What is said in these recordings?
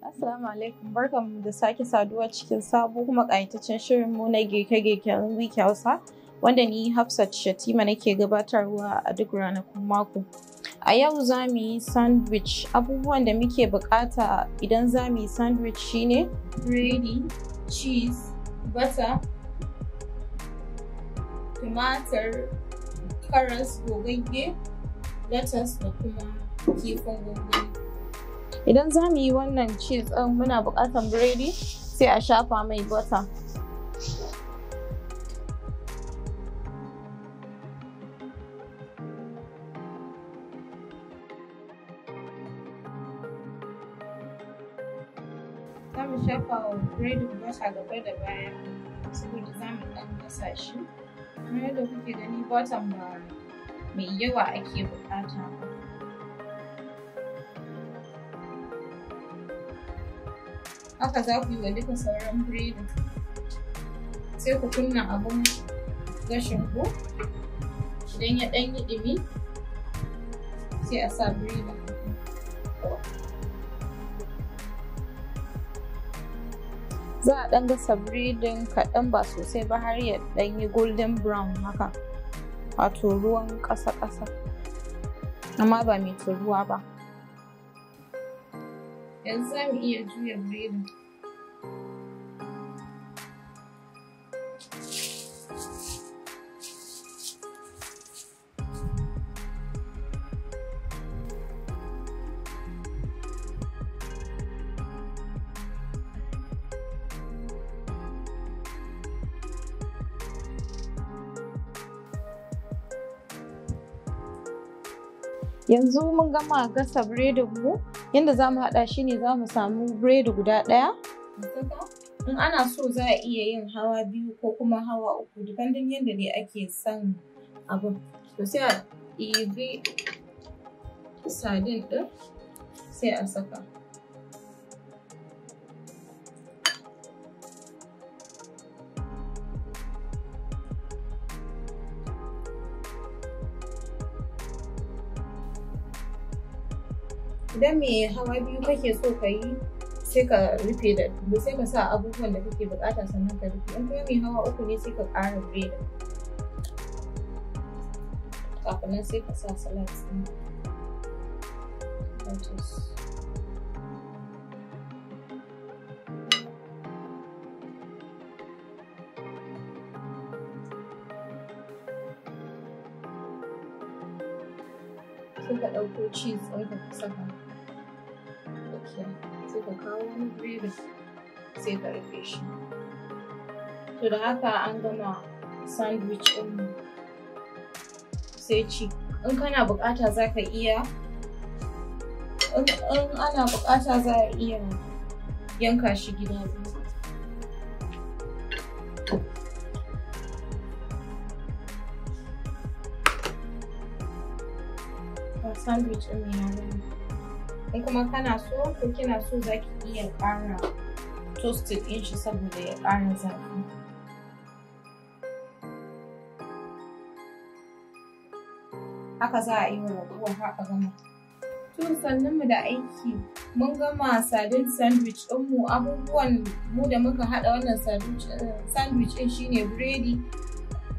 Assalamu alaikum mu da sake saduwa cikin sabo kuma shirin mu na girke-girken Week Hausa wanda ni Hafsat Shatima nake gabatarwa a duk ranakun mako. A yau za mu yi sandwich abubuwan da muke bukata idan za mu yi sandwich shine biredi, cheese, butter, tumatir, karas gogagge, lettuce da kuma kifin gogagge. idan za mu yi wannan cheese din muna buƙatar biredi sai a shafa mai butter za mu shafa wa biredin bata gaba da baya saboda za mu ɗan gasa shi kamar yadda kuke gani butter ba mai yawa ake buƙata ba haka za ku yi wa duka sauran biredin sai ku kunna abin gashin ku idan ya ɗan yi ɗumi sai a sa biredin za a ɗan gasa biredin kaɗan ba sosai ba har ya ɗan yi golden brown haka wato ruwan ƙasa-ƙasa amma ba mai turuwa ba enzyme EAG upgrade yanzu mun gama gasa biredin mu yadda za mu haɗa shi ne za mu samu biredi guda ɗaya in ana so za a iya yin hawa biyu ko kuma hawa uku dependin yadda ne ake son abin to sai a ɗibi sadin ɗin sai a saka idan me hawa biyu kake so ka yi sai ka rufe da sai ka sa abubuwan da kake bukata sannan ka rufe in kuma me hawa uku ne sai ka ƙara da kafin sai ka sa salat ɗin sai ka ɗauko cheese ɗin ka saka sai ka kawo wani biredin sai ka rufe shi to da haka an gama sandwich ɗin sai ci in kana bukata za ka iya in ana buƙata za a iya yanka shi gida biyu sandwich ɗin mai gani in kuma kana so ko kina so za ki iya ƙara toasted din shi saboda ya ƙara zafi haka za a yi wa raguwar haka gama Tun sannan mu da aiki mun gama sardine sandwich mu, abubuwan mu da muka haɗa wannan sandwich ɗin shine biredi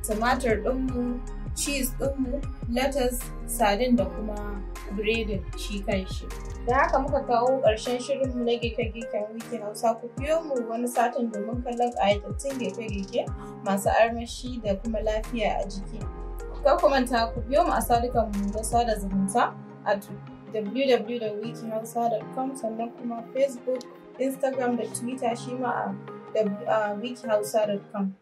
tumatir ɗinmu cheese mu, lettuce, sardine da kuma biredi shi kan shi. da haka muka kawo ƙarshen mu na gike a wiki hausa ku biyo mu wani satin domin kallon ƙayatattun gike-gike masu armashi da kuma lafiya a jiki kar ku manta ku biyo mu a sadukan mu na sada zumunta a www.wikihausa.com sannan kuma facebook instagram da twitter shi ma a wikihausa.com